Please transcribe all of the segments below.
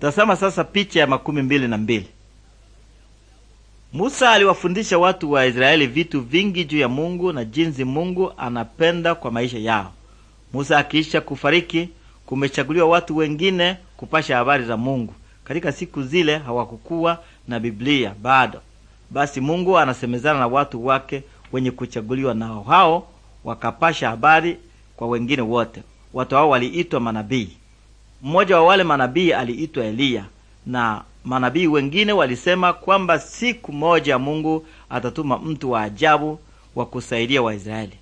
Tazama sasa picha ya makumi mbili na mbili. Musa aliwafundisha watu wa Israeli vitu vingi juu ya Mungu na jinsi Mungu anapenda kwa maisha yao. Musa akiisha kufariki, kumechaguliwa watu wengine kupasha habari za Mungu. Katika siku zile hawakukuwa na Biblia bado. Basi Mungu anasemezana na watu wake wenye kuchaguliwa, nao hao wakapasha habari kwa wengine wote. Watu hao waliitwa manabii mmoja wa wale manabii aliitwa Eliya, na manabii wengine walisema kwamba siku moja Mungu atatuma mtu wa ajabu wa kusaidia Waisraeli.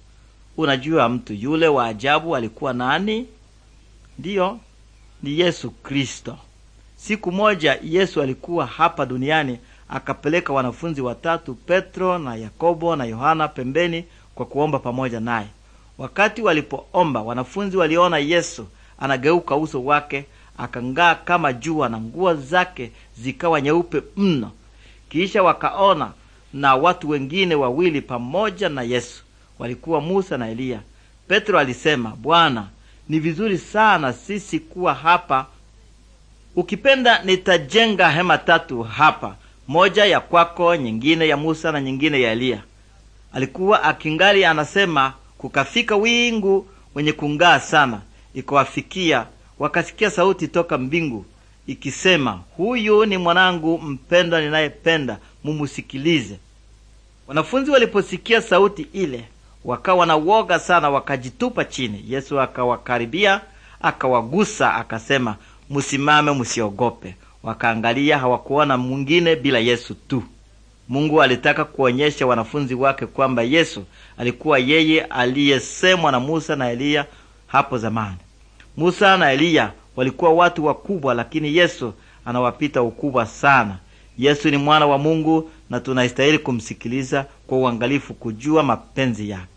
Unajua mtu yule wa ajabu alikuwa nani? Ndiyo, ni Yesu Kristo. Siku moja Yesu alikuwa hapa duniani, akapeleka wanafunzi watatu, Petro na Yakobo na Yohana, pembeni kwa kuomba pamoja naye. Wakati walipoomba, wanafunzi waliona Yesu anageuka uso wake akang'aa kama jua, na nguo zake zikawa nyeupe mno. Kisha wakaona na watu wengine wawili pamoja na Yesu, walikuwa Musa na Eliya. Petro alisema, Bwana, ni vizuri sana sisi kuwa hapa. Ukipenda nitajenga hema tatu hapa, moja ya kwako, nyingine ya Musa na nyingine ya Eliya. Alikuwa akingali anasema kukafika wingu wenye kung'aa sana ikawafikia, wakasikia sauti toka mbingu ikisema, huyu ni mwanangu mpendwa ninayependa, mumusikilize. Wanafunzi waliposikia sauti ile wakawa na woga sana, wakajitupa chini. Yesu akawakaribia, akawagusa, akasema, musimame musiogope Wakaangalia, hawakuona mwingine bila Yesu tu. Mungu alitaka kuonyesha wanafunzi wake kwamba Yesu alikuwa yeye aliyesemwa na Musa na Eliya hapo zamani. Musa na Eliya walikuwa watu wakubwa, lakini Yesu anawapita ukubwa sana. Yesu ni mwana wa Mungu na tunastahili kumsikiliza kwa uangalifu, kujua mapenzi yake.